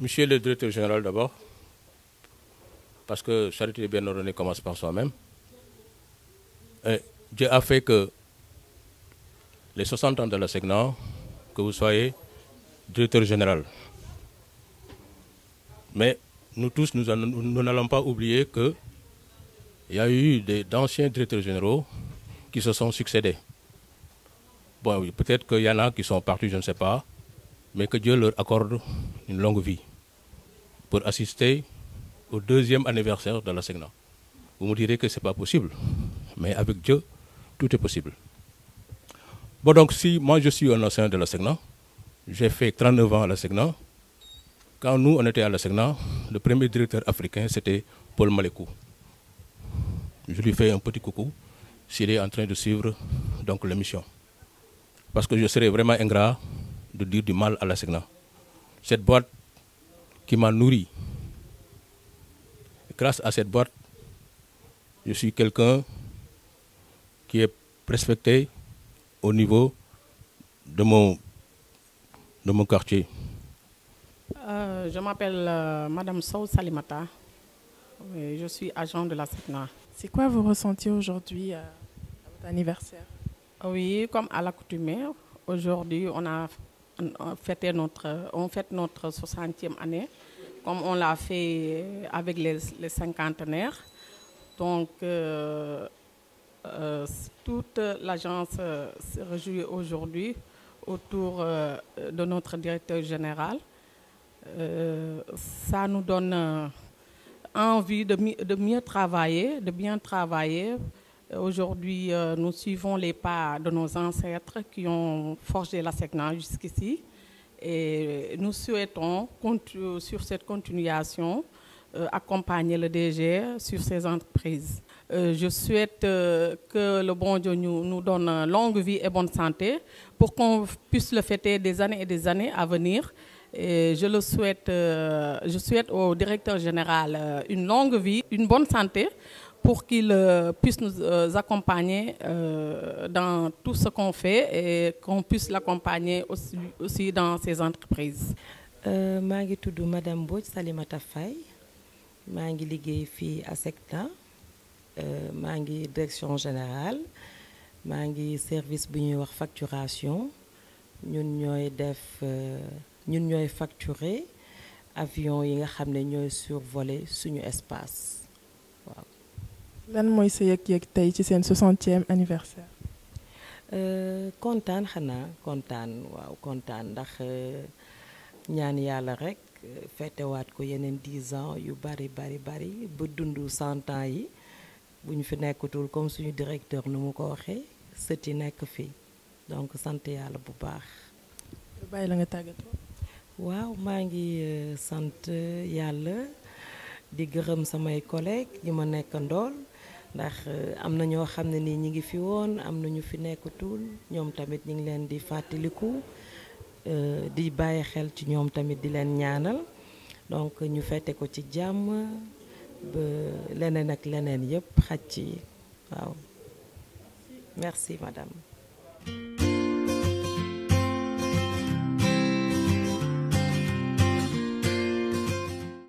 Monsieur le directeur général d'abord, parce que charité bien ordonnée commence par soi-même. Euh, Dieu a fait que les 60 ans de la SEGNA, que vous soyez directeur général. Mais nous tous, nous n'allons pas oublier que il y a eu d'anciens directeurs généraux qui se sont succédés. Bon, peut-être qu'il y en a qui sont partis, je ne sais pas, mais que Dieu leur accorde une longue vie pour assister au deuxième anniversaire de la Vous me direz que ce n'est pas possible, mais avec Dieu, tout est possible. Bon, donc si moi je suis un ancien de la j'ai fait 39 ans à la Quand nous, on était à la le premier directeur africain, c'était Paul Malekou. Je lui fais un petit coucou s'il est en train de suivre donc l'émission. Parce que je serais vraiment ingrat de dire du mal à la Segna. Cette boîte qui m'a nourri, grâce à cette boîte, je suis quelqu'un qui est respecté au niveau de mon, de mon quartier. Euh, je m'appelle euh, Madame Salimata. je suis agent de la Segna. C'est quoi vous ressentiez aujourd'hui euh, à votre anniversaire Oui, comme à l'accoutumée, aujourd'hui on a notre, on fête notre 60e année, comme on l'a fait avec les, les cinquantenaires. Donc, euh, euh, toute l'agence se réjouit aujourd'hui autour euh, de notre directeur général. ça nous donne envie de, de mieux travailler, de bien travailler Aujourd'hui, euh, nous suivons les pas de nos ancêtres qui ont forgé la SECNA jusqu'ici. Et nous souhaitons, sur cette continuation, euh, accompagner le DG sur ses entreprises. Euh, je souhaite que le bon Dieu nous, nous, donne longue vie et bonne santé pour qu'on puisse le fêter des années et des années à venir. Et je le souhaite, je souhaite au directeur général une longue vie, une bonne santé pour qu'ils euh, puissent nous euh, accompagner euh, dans tout ce qu'on fait et qu'on puisse l'accompagner aussi, aussi, dans ses entreprises. Je ngi tudd madame Salimata Faye Mangi ngi ici à Secta. Je suis direction générale Mangi suis service de facturation Nous, ñooy def ñun ñooy facturer avion yi nga xam espace Voilà lan mooy sa yëg ci e anniversaire. Euh, kontaan xanaa kontaan waaw kontaan ndax euh, ñaan yàlla rek euh, ko yeneen dix ans yu bari bari bari ba dund 100 ans yi buñ fi nekkatul comme suñu directeur nu ko waxee sët nekk donc sant yàlla bu baax. bàyyi la nga waaw maa ngi sant yàlla di collègues yi ma nekk ndax euh, am na ñoo xam ne nii ñi ngi fi woon am na ñu fi nekkatul ñoom tamit ñi ngi leen di fàttaliku euh, di bàyyi xel ci ñoom tamit di leen ñaanal donc ñu fete ko ci jàmm ba leneen ak leneen yépp xaj ci waaw merci madame